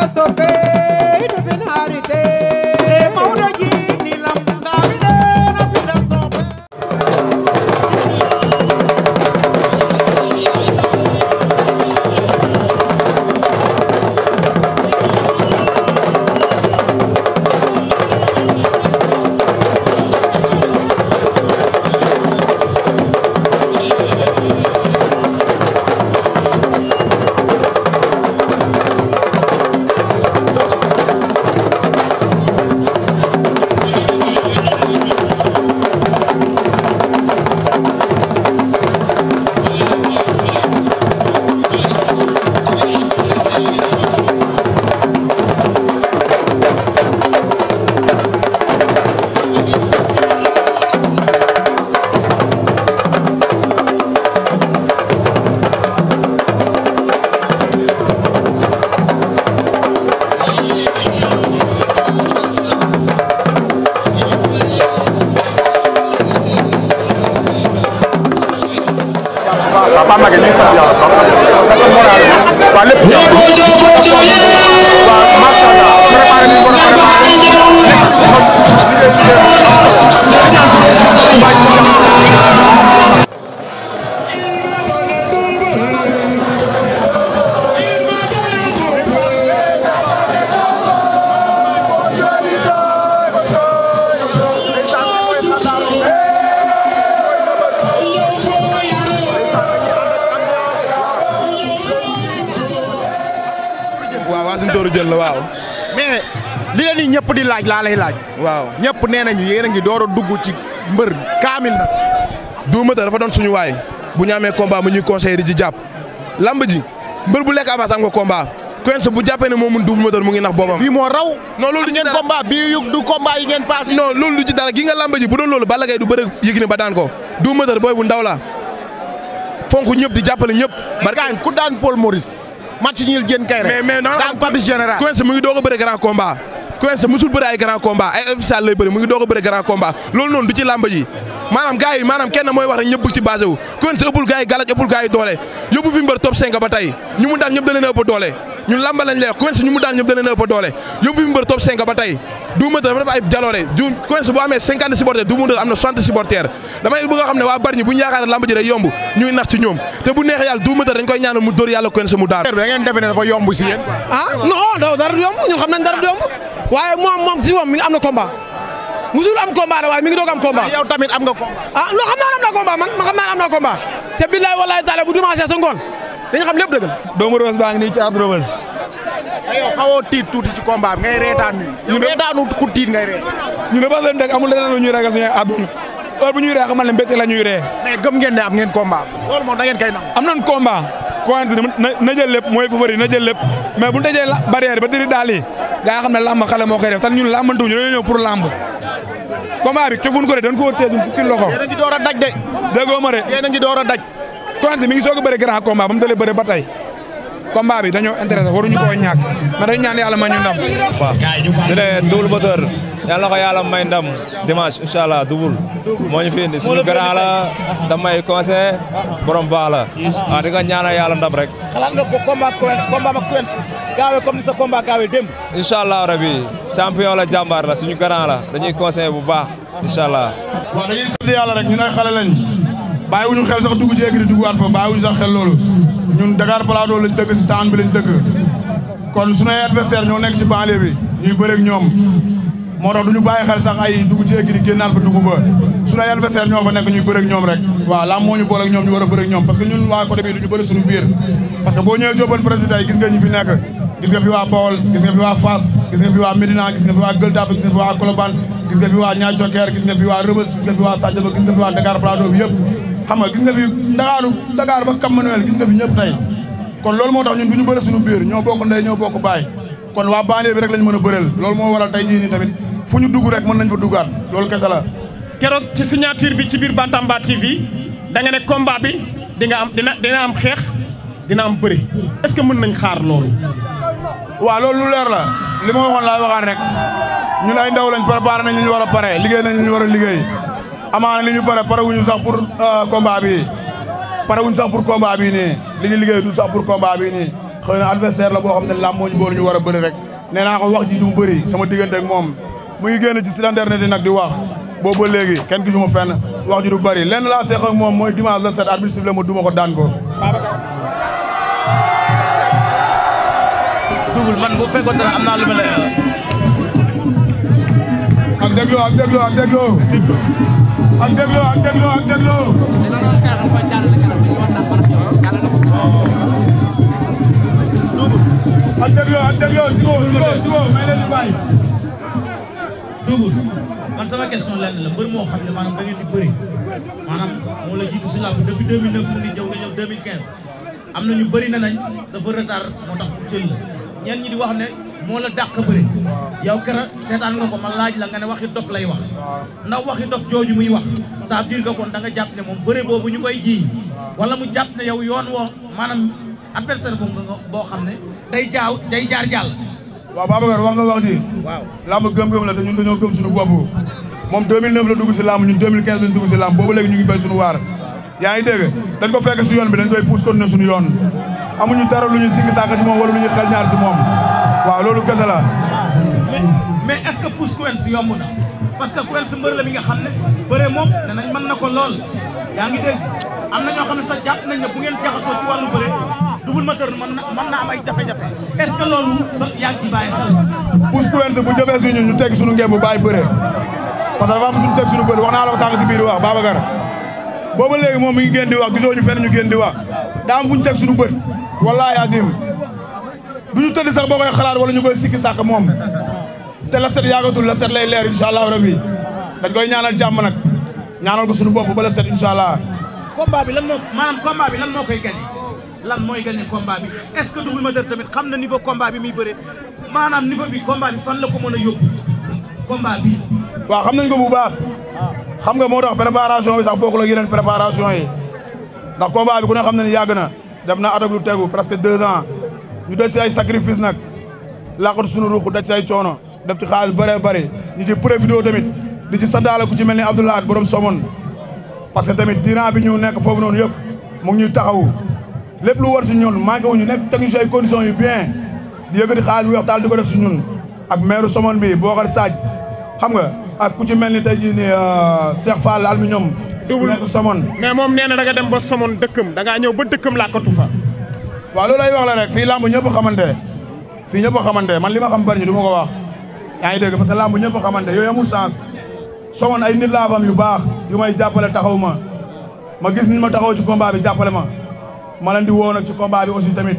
Abrazo, Fe. la waaw. mais li leen di ñëpp di laa lay laaj. waaw ñëpp nee nañu yéen a ngi door a dugg ci mbër kaamil nag. duuma ta dafa doon suñu waay bu ñu amee combat mu ñuy conseillé di ci jàpp lamb ji mbër bu lekk avance am nga combat. Quench bu jàppee ne moom mun mu ngi nax boppam. bii moo raw. non loolu du ci dara ngeen combat bii yu du combat yi ngeen passé. non loolu du ci dara gi nga lamb ji bu doon loolu Balla Gaye du bëre Yékini ba daan ko double moteur booy bu ndaw la fonk ñëpp di jàppale ñëpp. barke ku daan Paul Maurice. match ñuul jën kay rek. mais mais non daan Papis général. Quench mu ngi doog a bëri grand combat. musul bëri ay grand combat ay officiel lay bëri mu ngi doog a bëri grand noonu du ci làmb ji maanaam gars mooy wax rek ci basé wu Quench ëppul gars galaj ëppul gars doole yóbbu fi mbër top 5 ba tey daan ñëpp da ëpp doole ñun lamba lañ lay wax Quench ñu mu daan ñëpp dana na ëpp doole yóbbu fi mbër top 5 ba tey Double Moteur def ay jaloore du Quench bu amee 50 supporters Double am na 60 supporters damay bëgg a xam ne waa Bargny bu ñu yaakaar ne yomb ñuy nax ñoom te bu neexee yàlla Double Moteur dañ koy ñaanal mu dóor yàlla Quench mu daan da ngeen defe yomb si yéen ah non da dara yomb ñun xam nañ dara yomb waaye moom moom si moom mi am na combat musul am combat da waaye mi ngi doog am combat yow tamit dañu xam lépp dëgg la. doomu Rebeus baa ngi nii ci Atou Rebeus. aywa xawoo tiit tuuti ci combat bi ngay reetaan nii. ñu reetaanu ku tiit ngay ree. ñu ne ba leen dëgg amul leneen lu ñuy ragal suñu àdduna loolu bu ñuy ree xamal ne mbétte la ñuy ree. mais gëm ngeen ne am ngeen combat. loolu moom da ngeen koy nangu. am nañ combat. cointre na na jël lépp mooy favori na jël lépp mais bu ñu dajee barrière ba diri daal yi gaa yi xam ne làmb xale moo koy def tan ñun làmbantuñu dañoo ñëw pour làmb combat bi cofuñ ko de dañ ko wër teesuñ fukki loxo. yéen a ngi door a daj de. déggoo ma de. yéen a ngi door a daj. Quench mi ngi soog a bëre grand combat ba mu dalee bëre ba tey combat bi dañoo intéressé waruñu koo ñàkk ma dañu ñaan yàlla may ñu ndam. waaw di ne Double Moteur yàlla na ko yàlla may ndam dimanche incha allah ñu fi la da may conseil uh-huh. borom baax la waaw uh-huh. ah, di nga ñaanal yàlla ndam rek. xalaat nga ko combat combat ak Quench gaawee comme ni sa combat gaawee démb. incha allah rabi champion la jàmbaar la suñu grand la dañuy conseil bu baax incha allah. waaw dañuy sant yàlla rek bàyyiwuñu xel sax dugg ci écurie duggaat fa bàyyiwuñu sax xel loolu ñun Dakar Plateau lañ dëkk si taan bi lañ dëkk kon suñuy adversaire ñoo nekk ci banlieue bi ñuy bëreeg ñoom moo tax du ñu bàyyi xel sax ay dugg ci écurie génnaat fa dugg fa suñuy adversaire ñoo fa nekk ñuy bëreeg ñoom rek waaw lam moo ñu boole ñoom ñu war a bëreeg ñoom parce ñun waa côté bi du ñu bëri suñu biir parce boo ñëwee jóoban président gis nga ñu nekk gis nga fi xam nga gis nga fi ndakaaru Dakar ba Cap Manuel gis nga fi ñëpp tey kon loolu moo tax ñun bu ñu bëre suñu biir ñoo bokk ndey ñoo bokk baay kon waa banlieue bi rek lañ mën a bëreel loolu moo waral tey jii nii tamit fu ñu dugg rek mën nañ fa duggaat loolu kese la. keroog ci signature bi ci biir Bantamba bi da nga ne combat bi di nga am dina dina am xeex dina am bëri est-ce que mën nañ xaar loolu. waaw loolu lu leer la li ma waxoon laay waxaan rek ñun ay ndaw lañ préparé nañ li ñu war a pare liggéey nañ li ñu war a liggéey. amaana li ñu pare pare wuñu sax pour euh, combat bi pare sax pour combat bi nii li ñu liggéey du sax pour combat bi nii xëy na adversaire la boo xam ne làmb moo ñu boole ñu war a bëri rek ne naa ko wax ji du mu bëri sama diggante ak moom mu ngi génn ci site internet yi nag di wax boobu ba léegi kenn gisuma fenn wax ji du bari lenn laa seex moom mooy dimanche la set arbitre sifflé ma duma ko daan ko double man bu fekkoon dara am naa lu ma lay ak dégloo ak dégloo ak ak dégloo ak dégloo ak dégloo. ak dégloo ak dégloo si woo si woo si woo may leen di bàyyi. dugub man sama question lenn la mbër moo xam ne maanaam da ngeen di bëri maanaam moo la jiitu si làmb depuis 2009 mu ngi jëw nga ñëw 2015 am na ñu bëri ne nañ dafa retard moo tax jël la ñenn ñi di wax ne moo la dàq bëri. yow keroog seetaan nga ko ma laaj la nga ne waxi dof lay wax ndax waxi dof jooju muy wax saa veut dire que kon da jàpp ne moom bëre boobu ñu koy ji wala mu jàpp ne yow yoon woo maanaam adversaire bu nga boo xam ne day jaaw day jaar jàll waaw Babacar wax nga wax ji waaw làmb gëm-gëm la te ñun dañoo gëm suñu bopp moom 2009 la dugg si làmb ñun 2015 lañu dugg si làmb ñu ngi béy suñu waar yaa ngi dégg ko fekk si yoon bi dañ koy pousse continuer suñu yoon amuñu dara lu ñu si moom wala lu ñu xel ñaar si moom waaw loolu kese la mais est-ce que pousse Quench yomb na parce que Quench mbër la mi nga xam ne bëre moom danañ mën na ko lool yaa ngi am na ñoo xam ne sax jàpp nañ ne bu ngeen jaxasoo ci wàllu bëre Double Moteur mën na mën na am ay jafe-jafe est-ce que loolu yaa ngi ci bu jëfee suñu ñu teg suñu ngeen bu bàyyi bëre parce que dafa am suñu teg suñu bëre wax naa la ko sànq si biir wax Babacar booba léegi moom mi ngi génn di wax gisoo ñu fenn ñu génn di wax daam am fu ñu teg suñu bët wallaahi azim du ñu tëdd sax boo koy xalaat wala ñu koy sikki sàkk moom te la set yaagatul la set lay leer incha allah rabbi koy ñaanal jàmm nag ñaanal ko suñu bopp ba la set incha allah. combat bi lan moo maanaam combat bi lan moo koy gagné lan mooy gagné combat bi est-ce que Double tamit xam na niveau combat bi muy bëre maanaam niveau bi combat bi fan la ko mën a yóbbu combat bi. waaw xam nañ ko bu baax xam nga moo tax préparation bi sax bokkul ak yeneen préparation yi ndax combat ku ne xam na ne na def na at ak tegu presque deux ans ñu daj si ay sacrifice nag laqatu sunu ruux da si ay coono. def ci xaalis bëree bëri ñu ci profité tamit di ci santaale ku ci mel ni Abdoulaye borom Somone parce que tamit diiran bi ñu nekk foofu noonu yëpp mu ngi ñuy taxawu lépp lu war si ñun manqué wuñu nekk technicien ay conditions yi bien di yëkkati xaalis weex taal di ko def si ñun ak maire Somone bi Bokar Sadj xam nga ak ku ci mel ni tey jii nii euh, Cheikh Fall aluminium double nekk Somone mais moom me na da nga dem ba Somone dëkkam da ngaa ñëw ba dëkkam làkkatu fa waaw loolu lay wax la rek fii làmb ñëpp xamante fii ñëpp man li ma xam bari ñu ko wax yaa ngi dégg parce que làmb ñëpp a xamante yooyu amul sens somoon ay nit laa fam yu baax yu may jàppale taxaw ma ma gis nit ma taxaw ci combat bi jàppale ma ma leen di woo nag ci combat bi aussi tamit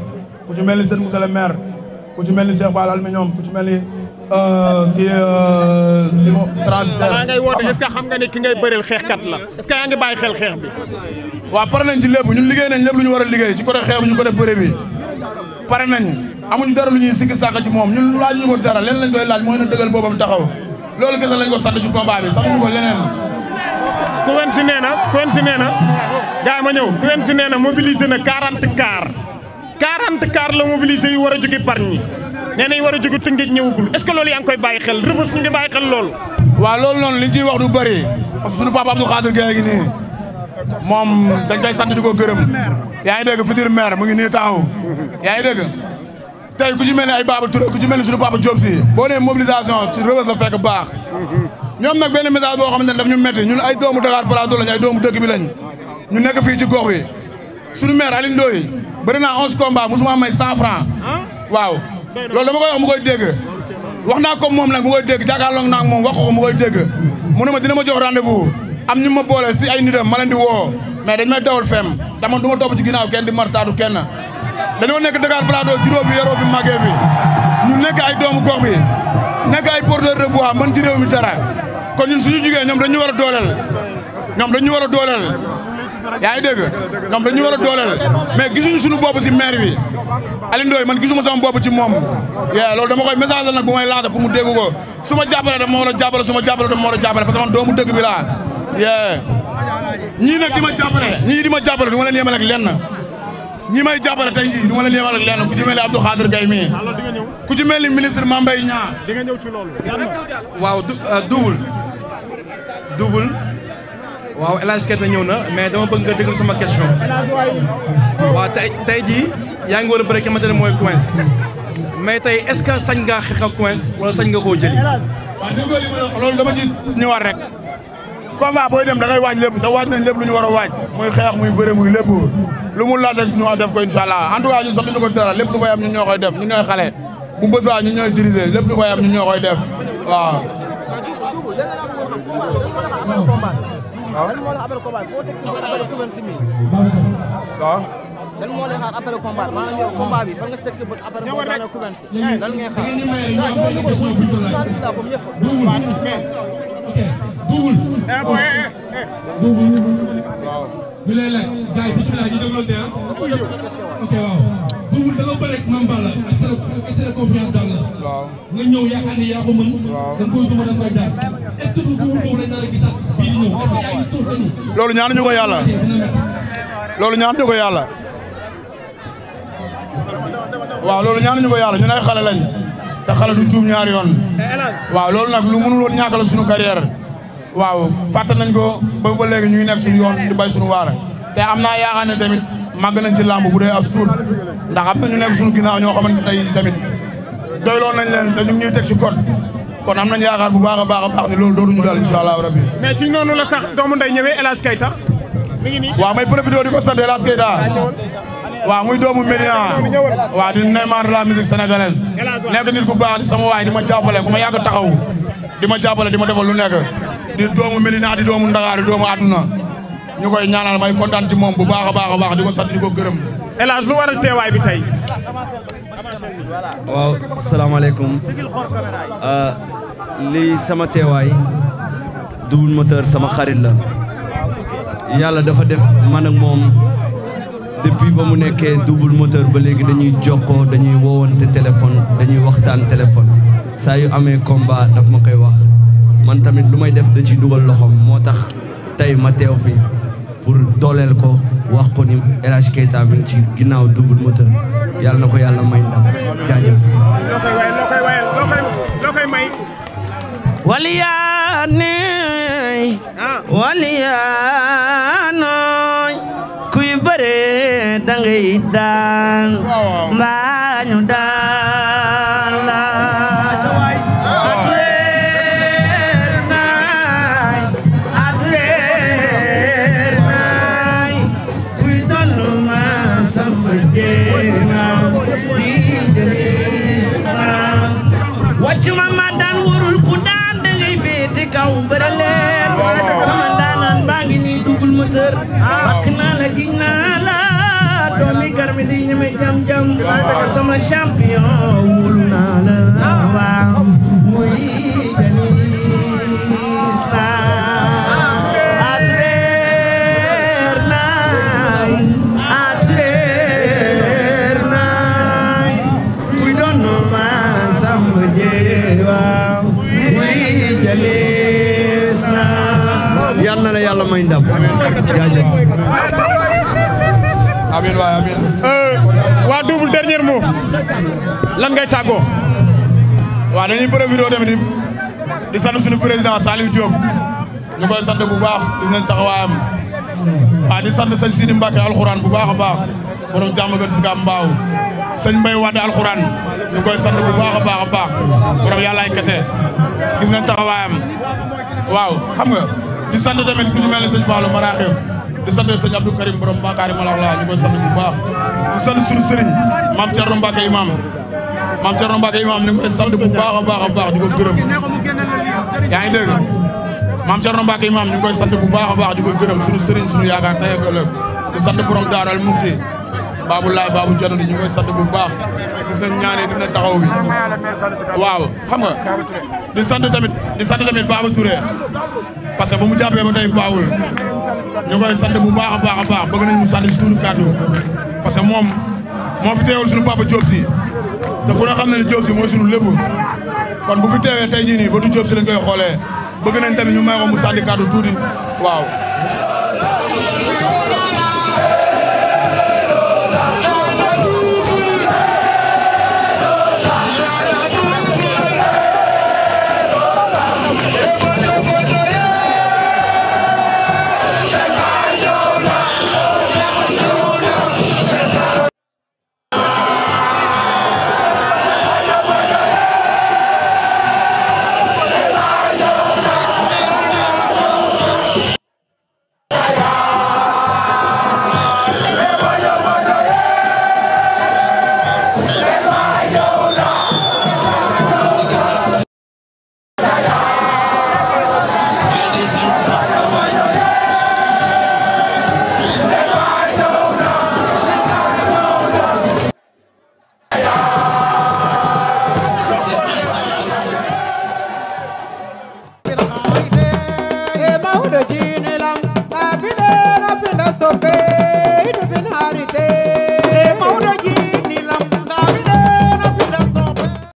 ku ci mel ni seen monsieur le maire ku ci mel ni Cheikh Balal mi ñoom ku ci mel ni euh, kii euh, li mu transfert. waaw ngay xam nga ni ki ngay bëreel kat la est-ce que bàyyi xel xeex bi. waaw pare nañ ci lépp ñun liggéey nañ lépp lu ñu war a liggéey ci côté xeex bi ñu côté bëre bi pare nañ amuñ dara lu ñuy sikki sàkk ci moom ñun laajuñu ko dara leen lañ koy laaj mooy na dëggal boobam taxaw loolu kese lañ ko sant ci combat bi sax ñu ko leneen. Quench nee na Quench nee na gaay ma ñëw Quench nee na mobilisé na 40 car 40 car la mobilisé yu war a jóge Bargny nee na yu war a jóge Tëngéej ñëwagul est ce que loolu yaa ngi koy bàyyi xel Rebeuss nga bàyyi xel loolu. waaw loolu noonu liñ ciy wax du bëri parce que suñu papa Abdou Khadir Gaye gi nii moom dañ koy sant di ko gërëm yaa ngi dégg futur mu ngi nii taxaw yaa tey ku ci mel ne ay Baba Touré ku ci mel ne suñu Papa Diop si boo nee la fekk baax ñoom nag benn message boo xamante ne daf ñu metti ñun ay doomu Dakar Plateau lañ ay doomu dëkk bi lañ nekk fii ci gox bi suñu maire Alioune Ndoye bëri naa onze combat musuma may cent franc waaw loolu dama koy wax mu koy dégg wax naa ko moom na mu koy dégg jàkkaarloo naa moom wax ko mu koy dégg mu ne ma dina ma jox rendez am ñu ma boole si ay nitam ma leen di woo mais dañ may dawal fem dama du ma topp ci ginnaaw kenn di martaatu kenn dañoo nekk Dakar Plateau juróom bi yaroo bi màggee bi ñu nekk ay doomu gox bi nekk ay porteur de voix mën ci réew mi dara kon ñun suñu jugee ñoom dañu war a dooleel ñoom dañu war a dooleel yaa ngi dégg ñoom dañu war a dooleel mais gisuñu sunu bopp si maire bi Aliou Ndoye man gisuma sama bopp ci moom yee loolu dama koy message la nag bu may laata pour mu dégg ko su ma jàppale dama war a jàppale su ma jàppale dama war a jàppale doomu dëgg bi laa yee ñii nag di ma jàppale ñii ma jàppale du ma leen yemal ak lenn ñi may jàppale tey jii du ma leen yemal ak lenn ku ci mel ni mii ku ci mel ni ministre Mame Mbaye Niang di nga ñëw ci waaw euh, double double waaw El Hadj Keita ñëw na mais dama bëgg nga déglu sama question waaw tey tey jii yaa ngi war a bëri ki ma ne mooy Quench mais tey est-ce que sañ nga xeex ak Quench wala sañ nga koo jëli waaw dégg nga li ma wax loolu dama ci ñëwaat rek combat booy dem da ngay waaj lépp da waaj nañ lépp lu ñu war a waaj muy xeex muy bëre muy lépp lu mu laaj rek ñu def ko incha allah en tout cas ñun sax ko dara lépp lu koy am def ñun ñooy xale bu bëswaa ñun ñooy diriger lépp lu koy am ñun ñoo koy def waaw eh, eh, eh, ñu lay laaj gars yi bisimilah ñu ah. ko mën. waaw da nga loolu ñaanuñu ko yàlla. loolu ñaanuñu ko yàlla. loolu ñaanuñu ko yàlla ñun ay xale te xale du tuub ñaari yoon. Eh, waaw loolu nag lu mënul woon ñàkk la suñu waaw fàtte nañ ko ba ba léegi ñuy nekk suñu yoon di bay suñu waara te am naa yaakaar ne tamit màgg nañ ci làmb bu dee as tuut ndax am na ñu nekk suñu ginnaaw ñoo xamante tey tamit doyloo nañ leen te ñu ngi ñuy teg si code kon am nañ yaakaar bu baax a baax a baax ni loolu dootuñu daal incha allah rabbi. mais ci noonu la sax doomu nday ñëwee El Hadj ngi nii waaw may profité di ko sant El Hadj ah, waaw muy doomu Médina ah, waaw di Neymar de la musique sénégalaise nekk nit ku baax di sama waay di ma jàppale ku ma yàgg taxaw di ma jàppale di ma defal lu nekk di doomu Medina di doomu Ndakaaru doomu àdduna ñu koy ñaanal may kontaan ci moom bu baax a baax a baax di ko sant di ko gërëm. El Hadj lu waral teewaay bi tey. waaw salaamaaleykum ah, lii sama teewaay Double Moteur sama xarit la yàlla dafa def man ak moom depuis ba mu nekkee Double Moteur ba léegi dañuy jokkoo dañuy woowante téléphone dañuy waxtaan téléphone saa yu amee combat daf ma koy wax. man tamit lu may def da ci dugal loxoom moo tax tey ma teew fi pour dooleel ko wax ko ni El Hadj ci ginnaaw double moteur yàlla na ko yàlla may ndam jaajëf. loo koy wayal loo koy wayal loo koy loo koy may. kuy bëree da daan. waaw bëre leen wala dëgg sama ndaanaan baa ngi nii dugul moteur bakk naa la jiñ naa la doomi garmi di ñeme jam jam wala dëgg sama champion wóolu naa la may ndam jaajëf amiin waay amiin eh, waa double dernier mot lan ngay tàggoo waaw dañuy profité tamit di sant suñu président Saliou Diop ñu koy sant bu baax gis nañ taxawaayam waaw di sant sëñ Sidi Mbacke alxuraan bu baax a baax borom jàmm gën si baaw sañ sëñ Mbaye Wade alxuraan ñu koy sant bu baax a baax a baax borom yàllaay kese gis nañ taxawaayam waaw xam nga di sant tamit ku ñu mel ne sëñ Fallou Maraxew di sant sëñ Abdou Karim borom Bakari Malaw laa ñu koy sant bu baax di sant suñu sëriñ maam Thierno Mbacke Imaam maam Thierno Mbacke Imaam ñu ngi koy sant bu baax a baax a baax di ko gërëm yaa ngi dégg maam Thierno Mbacke Imaam ñu ngi koy sant bu baax baax di ko gërëm suñu sëriñ suñu yaakaar tey ak ëllëg di sant borom Daaral Mukti Babou Laye Babou Diatta ñu ngi koy sant bu baax gis nañ ñaanee gis nañ taxaw bi waaw xam nga di sant tamit di sant tamit Babou Touré parce que mu jàppee ba tey baawul ñu koy sant bu baax a baax a baax bëgg nañ mu sant si tuuti kàddu parce que moom moo fi teewul suñu papa Diop si te bu nga xam ne ne Diop si mooy suñu lépp kon bu fi teewee tey ñii nii ba du Diop si lañ koy xoolee bëgg nañ tamit ñu may ko mu sant kàddu tuuti waaw.